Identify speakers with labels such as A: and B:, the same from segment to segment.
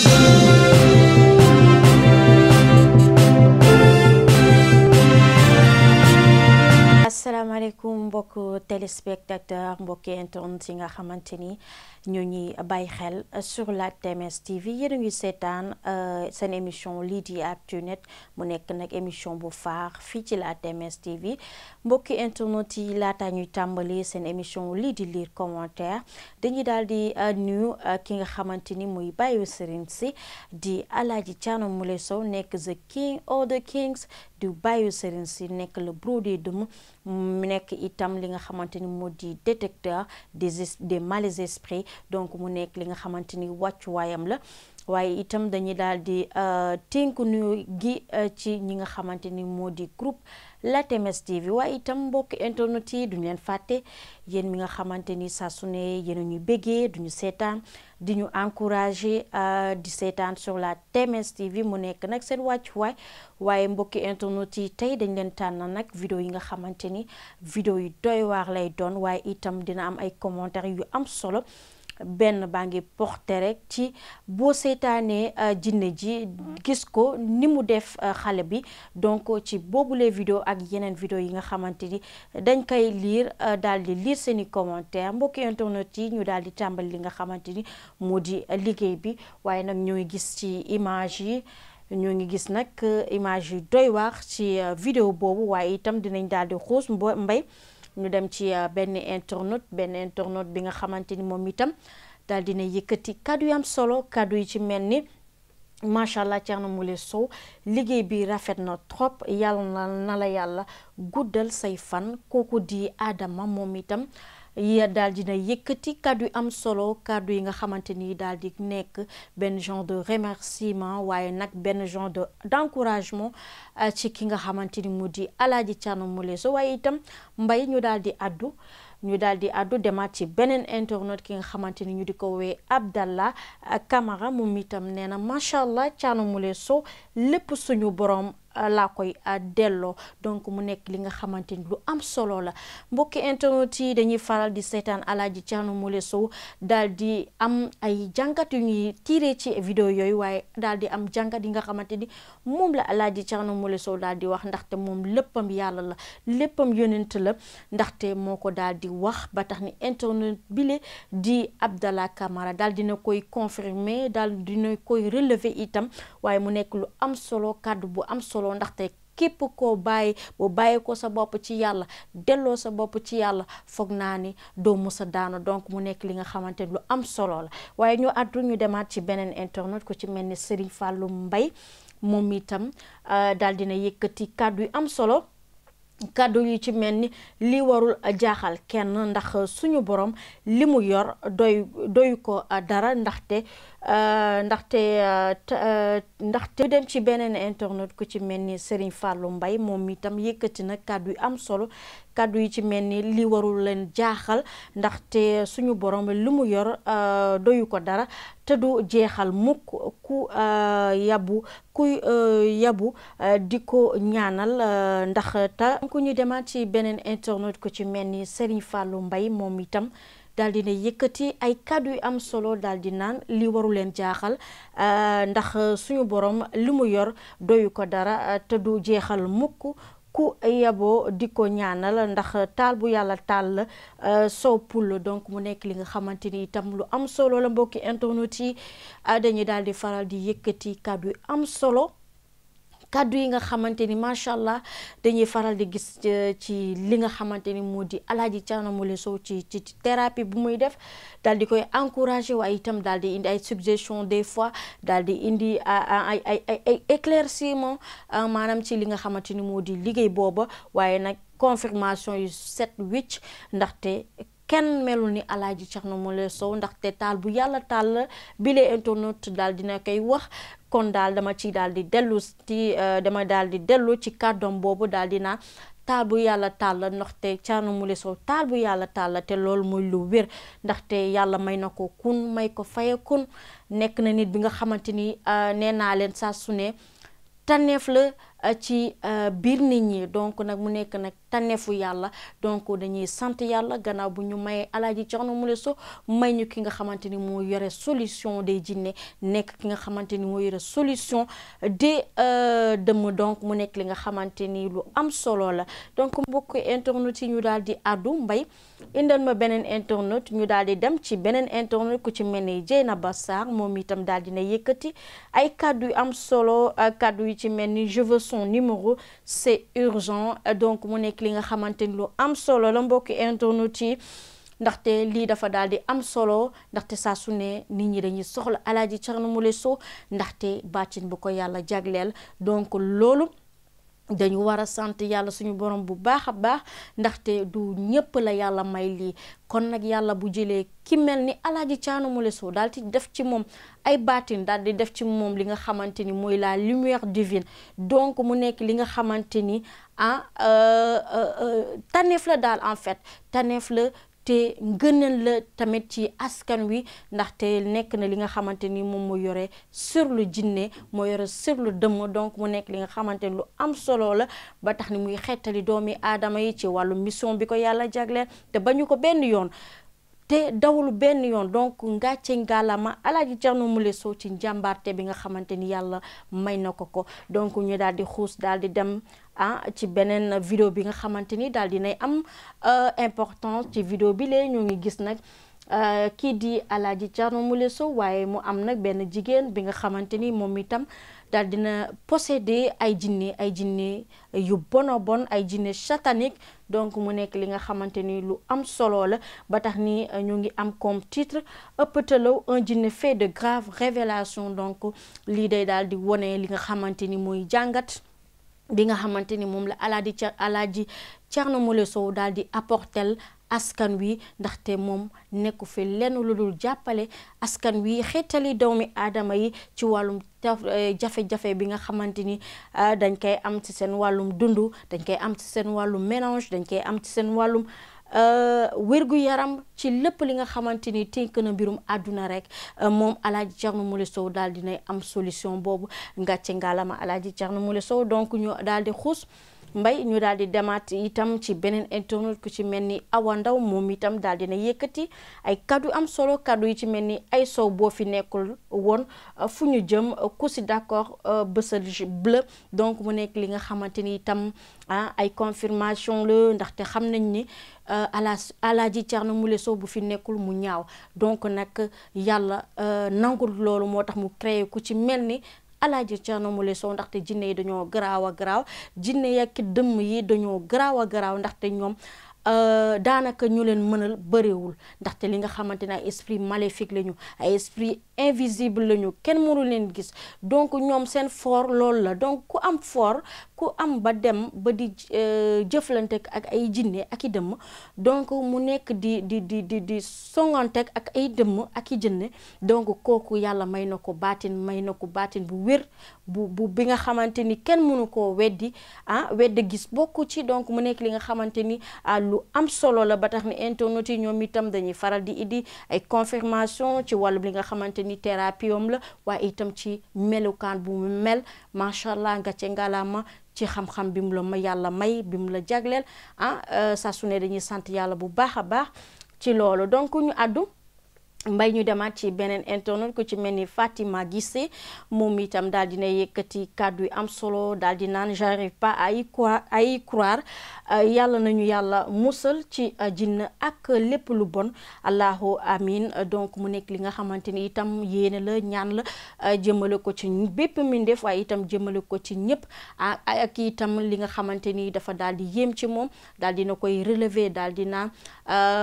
A: asalaamaaleykum mbokk téléspectateur mbokki internet yi nga xamante ni ñoo ñuy bàyyi xel sur la TMS TV yéen a ngi seetaan euh, seen émission lii di Actunet mu nekk nag émission bu faax fii ci la TMS TV mbokki internet yi laata ñuy tàmbali seen émission lii di lire commentaire dañuy daal di euh, nuyu euh, ki nga xamante ni muy bàyyi sëriñ si di Alaaji Caano Moule Sow nekk the king of the kings di bàyyi sëriñ si nekk le broder dum mu nekk itam li nga xamante ni di détecteur des des mauvais esprits donc mu nekk li nga xamante ni wàccuwaayam la waaye itam dañuy daal di euh, tënk nuyu gi euh, ci ñi nga xamante ni moo di groupe la TMS TV waaye itam mbokk internet yi duñu leen fàtte yéen mi nga xamante ni saa su ne yéen a ñuy béggee duñu seetaan di ñu encouragé euh, di seetaan sur la TMS TV mu nekk nag seen wàccuwaay waaye mbokki internet yi tey dañ leen tànn nag vidéo yi nga xamante ni vidéo yi doy waar lay doon waaye itam dina am ay commentaires yu am solo benn baa ngi porté rek ci boo seetaanee euh, jinne ji gis ko ni mu def euh, xale bi donc ci boobule vidéo ak yeneen vidéo yi nga xamante ni dañ koy liir euh, daal di lire seen i commentaire mbokki internet yi ñu daal di tàmbali li nga xamante ni moo di liggéey bi waaye nag ñooy gis ci image yi ñoo ngi gis nag image yi doy waax ci video boobu waaye itam dinañ daal di xuus mbay ñu dem ci euh, benn internaute benn internaute bi nga xamante ni moom itam daal dina yëkkati kàddu yi am solo kàddu yi ci mel ni macha allah Thierno Moule Sow liggéey bi rafet na trop yàlla na la yàlla guddal say fan kooku di Adama moom itam. yi daal dina yëkkati kàddu yu am solo kàddu yi nga xamante ni daal di nekk benn genre de remerciement waaye nag benn genre de d'encouragement euh, ci ki nga xamante ni mu di Alaaji Thierno Moule Sow waaye itam mbay ñu daal di addu ñu daal di àddu demaat ci beneen internet ki nga xamante ni ñu di ko wee Abdallah Camara mu itam nee na macha allah Thierno Moule Sow suñu borom Euh, laa koy euh, delloo donc mu nekk li nga xamante ni lu am solo la mbokki internet yi dañuy faral di seetaan Alaaji Thierno mule Sow daal di am ay jàngat yu ci vidéo yooyu waaye daal di am jàngat yi nga xamante ni moom la Alaaji Thierno Moule Sow daal di wax ndaxte moom léppam yàlla la léppam yonent la ndaxte moo ko daal di wax ba tax ni internet bile di Abdallah Camara daal dina koy confirmer daal dina koy relever itam waaye mu nekk lu am solo kàddu bu am solo solo ndaxte képp koo bàyyi bu bàyyi ko sa bopp ci yàlla delloo sa bopp ci yàlla foog naa ni doo mës daana donc mu nekk li nga xamante ni lu am solo la waaye ñu àddu ñu demaat ci beneen internet ko ci mel ni Serigne fàllu mbay moom itam euh, daal dina yëkkati kàddu yi am solo. kàddu yi ci mel ni li warul a jaaxal kenn ndax suñu borom li mu yor doy doyu ko dara ndaxte euh, ndaxte euh, euh, ndaxte dem ci beneen internet ko ci mel ni Serigne fàllu mbay moom itam yëkkati na kàddu yu am solo kàddu yi ci mel ni li warul leen jaaxal ndaxte suñu borom li mu yor euh, doyu ko dara te du jeexal mukk ku euh, yabu kuy euh, yabu di ko ñaanal ndax ta ku ñu demaat ci beneen internet ko ci mel ni Serigne fàllu mbay moom itam daal dina yëkkati ay kàddu yu am solo daal di naan li waru leen jaaxal ndax suñu borom li mu yor doyu ko dara te du jeexal mukk ku yeboo di ko ñaanal ndax taal bu yàlla taal la euh, soppul donc mu nekk li nga xamante ni itam lu am solo la mbokki internet yi ah, dañuy daal di faral di yëkkati kàddu am solo. kàddu yi nga xamante ni macha allah dañuy faral di gis euh, ci li nga xamante ni moo di Alaaji Thierno Moule Sow ci ci thérapie bu muy def daal di koy encouragé waaye itam daal di indi ay suggestion des fois daal di indi ay ay ay éclaircissement euh, maanaam ci li nga xamante ni moo di liggéey booba waaye nag confirmation yu set wicc ndaxte kenn melul ni Alaaji Thierno Moule Sow ndaxte taal bu yàlla tàll la bile internet daal dina koy wax kon daal dama ci daal di dellu ci euh, dama daal di dellu ci kàddoom boobu daal di naa taal bu yàlla taal la ndaxte Thierno Moule Sow taal bu yàlla tàll te loolu muy lu wér ndaxte yàlla may na ko kun may ko faye kun nekk na nit bi nga xamante ni euh, nee naa leen saa su ne tànneef la. Euh, ci euh, biir nit ñi donc nag mu nekk nag tànneefu yàlla donc dañuy sant yàlla gannaaw bu ñu mayee alaaji Thierno Moule Sow may ñu ki nga xamante ni moo yore solution des jinne nekk ki nga xamante ni moo yore solution des euh, dëmm donc mu nekk li nga xamante ni lu am solo la donc mbokk internet yi ñu daal di addu mbay indal ma beneen internet ñu daal di dem ci beneen internet ku ci mel ni na Sarr moom itam daal dina yëkkati ay kàddu yu am solo kàddu yu ci mel ni je son numéro c'est urgent donc mu nekk li nga xamante ni lu am solo la mbokki internet yi ndaxte lii dafa daal di am solo ndaxte saa su ne nit ñi dañuy soxla Alaaji Thierno Moule Sow ndaxte bàccin bu ko yàlla jagleel donc loolu dañu war a sant yàlla suñu borom bu baax a baax ndaxte du ñépp la yàlla may lii kon nag yàlla bu jëlee ki mel ni alaaji Thierno Moule Sow daal di def ci moom ay baatin daal di def ci moom li nga xamante ni mooy la lumière divine donc mu nekk li nga xamante ni ah euh, euh, euh, taneef la daal en fait taneef la te ngëneel la tamit ci askan wi ndaxte nekk na li nga xamante ni moom moo yore sur le jinne moo yore sur le dëmm donc mu nekk li nga xamante lu am solo la ba tax ni muy xettali doomi aadama yi ci wàllu mission bi ko yàlla jagleel te ba ñu ko benn yoon te dawul benn yoon donc ngàcce ngàllama alaaji Thierno Moule Sow ci njàmbaarte bi nga xamante ni yàlla may na ko ko donc ñu daal di xuus daal di dem ah ci beneen vidéo bi nga xamante ni daal dinay am euh, importance ci vidéo bi lee ñoo ngi gis nag euh, kii di Alaaji Thierno Moule Sow waaye mu am nag benn jigéen bi nga xamante ni moom itam daal dina possédé ay jinne ay jinne yu bono bon ay jinne satanique donc mu nekk li nga xamante ni lu am solo la ba tax ni euh, ñu ngi am comme titre ëppatalaw un jinne fait de grave révélation donc lii day daal di wone li nga xamante ni mooy jàngat bi nga xamante ni moom la alaaji ca alaaji Thierno Moule Sow daal di apportel askan wi ndaxte moom nekku fi lenn lu dul jàppale askan wi xeetali doomi aadama yi ci wàllum eh, jafe-jafe bi nga xamante ni ah, dañ koy am ci seen wàllum dund dañ koy am ci seen wàllum mélange dañ koy am ci seen wàllum Euh, wérgu yaram ci lépp li nga xamante ni tënk na mbirum àdduna rek euh, moom alaaji Thierno Moule Sow daal dinay am solution boobu ngàcce ngaalama alaaji Thierno Moule Sow donc ñu daal di xuus mbay ñu daal di demaat itam ci beneen internet ku ci mel ni Awa Ndaw moom itam daal dina yëkkati ay kaddu am solo kaddu yi ci mel ni ay sow boo fi nekkul woon uh, fu ñu jëm uh, ku si d'accord uh, bësal bleu donc mu nekk li nga xamante ni itam ah ay confirmation la ndaxte xam nañ ni ala alaaji Thierno Moule Sow bu fi nekkul mu ñaaw donc nag yàlla nangul loolu moo tax mu créé ku ci mel ni alaaji Thierno Moule Sow ndaxte jinne yi dañoo garaaw a garaaw jinne yekk dëmm yi dañoo garaaw a garaaw ndaxte ñoom euh, daanaka ñu leen mënal bëriwul ndaxte li nga xamante ne ay esprit maléfique la ñu ay esprit invisible la ñu kenn mënu leen gis donc ñoom seen foor loolu la donc ku am fort ku am ba dem ba di euh, jëflante ak ay jinne ak i dëmm donc mu nekk di di di di di songante ak ay dëmm ak i jinne donc kooku yàlla may na ko baatin may na ko baatin bu wér bu bu bi nga xamante ni kenn mënu koo weddi ah weddi gis bokku ci donc mu nekk li nga xamante ni ah, lu am solo la ba tax ni internet yi ñoom itam dañuy faral di indi ay confirmation ci wàllu bi nga xamante ni thérapie la waaye itam ci melukaan bu mu mel macha nga ce ngalaama ci xam-xam bi mu la may yàlla may bi mu la jagleel ah euh, saa su dañuy sant yàlla bu baax a baax ci loolu donc ñu àddu mbay ñu demaat ci beneen internet ku ci mel ni Fatima Guissé moom itam daal dina yëkkati kàddu yu am solo daal di naan j'arrive pas à y croire à y euh, yàlla nañu yàlla musal ci euh, jinn ak lépp lu bon allahu amin donc mu nekk li nga xamante ni itam yéene la ñaan la euh, jëmale ko ci bépp mbindeef waaye itam jëmmale ko ci ñëpp ak itam li nga xamante ni dafa dal di yéem ci moom daal dina koy relever dal di naan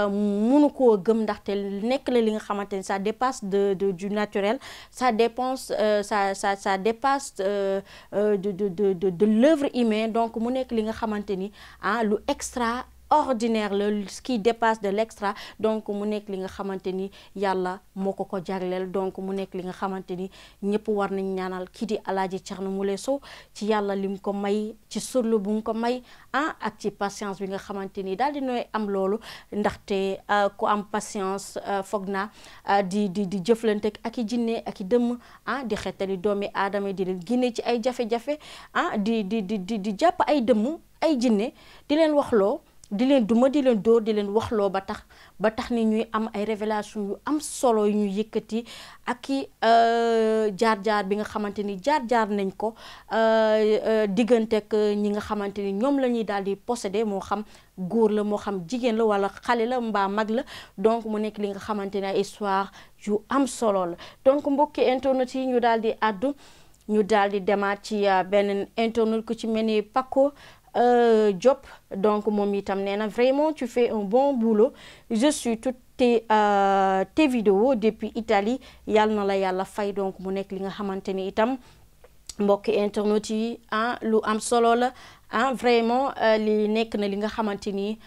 A: mënu koo gëm ndaxte nekk la li nga xamante ni ça dépasse de, de du naturel ça dépense euh, ça ça ça dépasse euh, euh, de de de de de l'œuvre humaine donc mu nekk li nga xamante ni ah lu extra ordinaire la ce qui dépasse de l'extra donc mu nekk li nga xamante ni yàlla moo ko ko jagleel donc mu nekk li nga xamante ni ñëpp war nañ ñaanal kii di alaaji Thierno Moule Sow ci yàlla lim ko may ci surlu bu mu ko may ah ak ci patience bi nga xamante ni daal di nooy am loolu ndaxte euh, ku am patience euh, foog naa euh, di di di jëflante ak i jinne ak i dëmm ah di xettali doomi aadama di leen ginne ci ay jafe-jafe ah, di di di di jàpp ay dëmm ay jinne di leen wax loo di leen duma di leen dóor di leen waxloo ba tax ba tax ni ñuy am ay révélation yu am solo yu ñu yëkkati ak i euh, jaar-jaar bi nga xamante ni jaar-jaar nañ ko euh, euh, diggante ak ñi nga xamante ni ñoom la ñuy daal di possédé moo xam góor la moo xam jigéen la wala xale la mbaa mag la donc mu nekk li nga xamante ni ay histoire yu am solo la donc mbokki internet yi ñu daal di àddu ñu daal di demaat ci benn internet ku ci mel ni Paco Euh, Diop donc moom itam nee na vraiment tu fais un bon boulot je suis tout te tes vidéos depuis Italie yàlla na la yàlla fay donc mu nekk li nga xamante ni itam mbokki internet yi ah lu am solo la ah vraiment euh, li nekk na li nga xamante ni.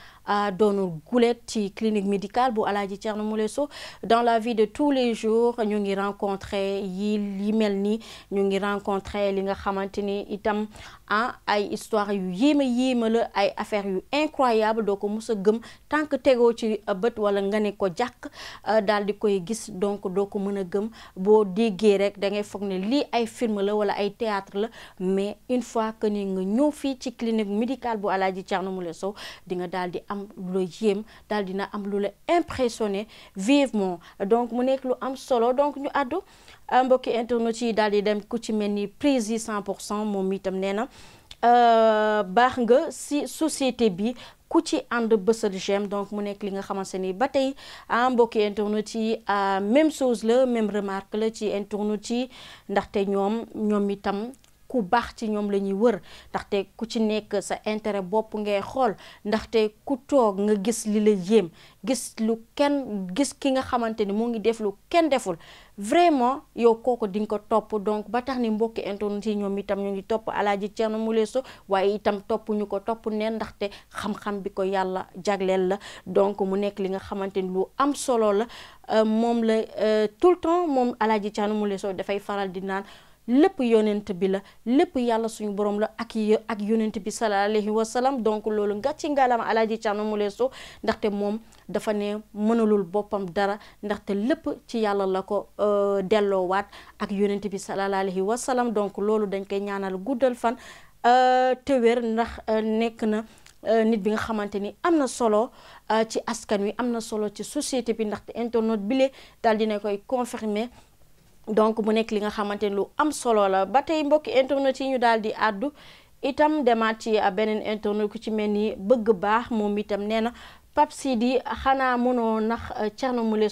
A: doonul gulet ci clinique médicale bu Alaaji Thierno Moule Sow dans la vie de tous les jours ñu ngi rencontré yi li mel ni ñu ngi rencontré li nga xamante ni itam ah ay histoire yu yéema yéema la ay affaires yu incroyable doo ko mos a gëm tant que tegoo ci bët wala nga ne ko jàkk euh, daal di koy gis donc doo ko mën a gëm boo déggee rek da ngay foog ne lii ay film la wala ay théâtre la mais une fois que ni nga ñëw fii ci clinique médical bu Alaaji Thierno Moule Sow di nga di am am lu la yéem daal dina am lu la impressionné vivement donc mu nekk lu am solo donc ñu àddu euh, mbokki internet yi daal di dem ku ci mel ni prise yi cent pour cent moom itam nee na euh, baax nga si société bi ku ci ànd bësal j'aime donc mu nekk li nga xamante ni ba tey ah mbokki internet yi ah, même chose la même remarque la ci internet yi ndaxte ñoom ñoom itam ku baax ci ñoom la ñuy wër ndaxte ku ci nekk sa intérêt bopp ngay xool ndaxte ku toog nga gis li la yéem gis lu kenn gis ki nga xamante ni mu ngi def lu kenn deful vraiment yow kooku di nga ko topp donc ba tax ni mbokk internet ci ñoom itam ñu ngi topp Alaaji Thierno Moule Sow waaye itam topp ñu ko topp neen ndaxte xam-xam bi ko yàlla jagleel la donc mu nekk li nga xamante ni lu am solo la euh, moom la euh, tout le temps moom Alaaji Thierno Moule Sow dafay faral di lépp yonent bi la lépp yàlla suñu borom la ak y ak yonent bi sallallahu alayhi wa sallam donc loolu nga ci ngaalam alaaji mu Moule Sow ndaxte moom dafa ne mënalul boppam dara ndaxte lépp ci yàlla la ko euh, delloowaat ak yonent bi sallallahu alayhi wa donc loolu dañ koy ñaanal guddal fan euh, te wér ndax euh, nekk na nit bi nga xamante ni am na solo ci askan wi am na solo ci société bi ndaxte internet bile daal dina koy confirmer donc mu nekk li nga xamante ni lu am solo la ba tey mbokki internet yi ñu daal di àddu itam demaat ci ah, beneen internet ku ci mel ni bëgg baax moom itam nee na Pape Sidi xanaa mënoo nax ah, Thierno Moule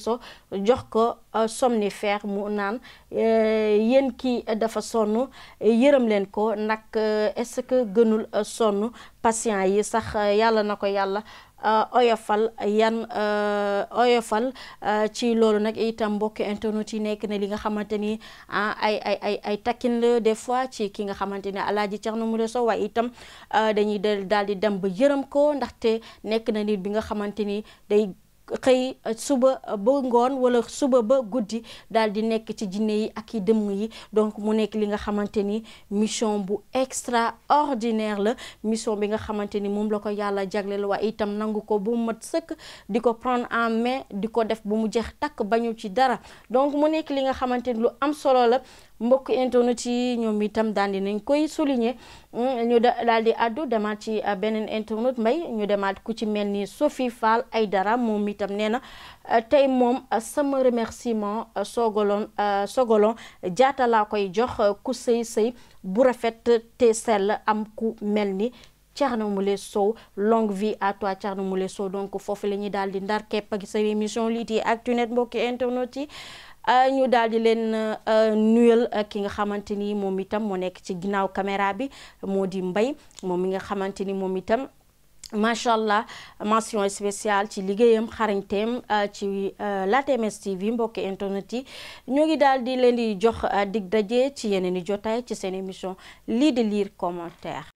A: jox ko ah, somnifère mu naan eh, yéen kii dafa sonn yërëm leen ko nag eh, est-ce que gënul sonn patient yi sax yàlla na ko yàlla Euh, oyofal yan euh, oyofal euh, ci loolu nag itam mbokk internet yi nekk na li nga xamante ni ah, ay ay ay ay takkin la des fois ci ki nga xamante ni Alaaji Thierno Moule Sow waaye itam dañuy daal di dem ba yërëm ko ndaxte nekk na nit bi nga xamante ni day. xëy suba ba ngoon wala suba ba guddi daal di nekk ci jinne yi ak i dëmm yi donc mu nekk li nga xamante ni mission bu extraordinaire la mission bi nga xamante ni moom la ko yàlla jagleel waa itam nangu ko bu mat sëkk di ko prendre en main di ko def bu mu jeex takk bañu ci dara donc mu nekk li nga xamante lu am solo la mbokk internet yi ñoom itam daal di nañ koy souligner mm, ñu daal di addu demaat ci uh, beneen internet mbay ñu demaat ku ci mel ni Sophie ay dara moom itam nee na uh, tey moom uh, sama remerciement sogolon sogolon jaata laa koy jox ku sëy sëy bu rafet te sell am ku mel ni Thierno Moule Sow longue vie à toi Thierno Moule Sow donc foofu la ñuy daal di ndar képp ak sa émission lii di Actu Net mbokki internet yi. Euh, ñu daal di leen euh, nuyal euh, ki nga xamante ni moom itam moo nekk ci ginnaaw caméra bi moo di mbay moom mi nga xamante ni moom itam. macha allah massion spéciale ci liggéeyam xarañteem ci la TMS TV mbokki internet yi ñoo ngi daal di leen di jox dig daje ci yeneen i jotaay ci seen émission lii di liir commentaire.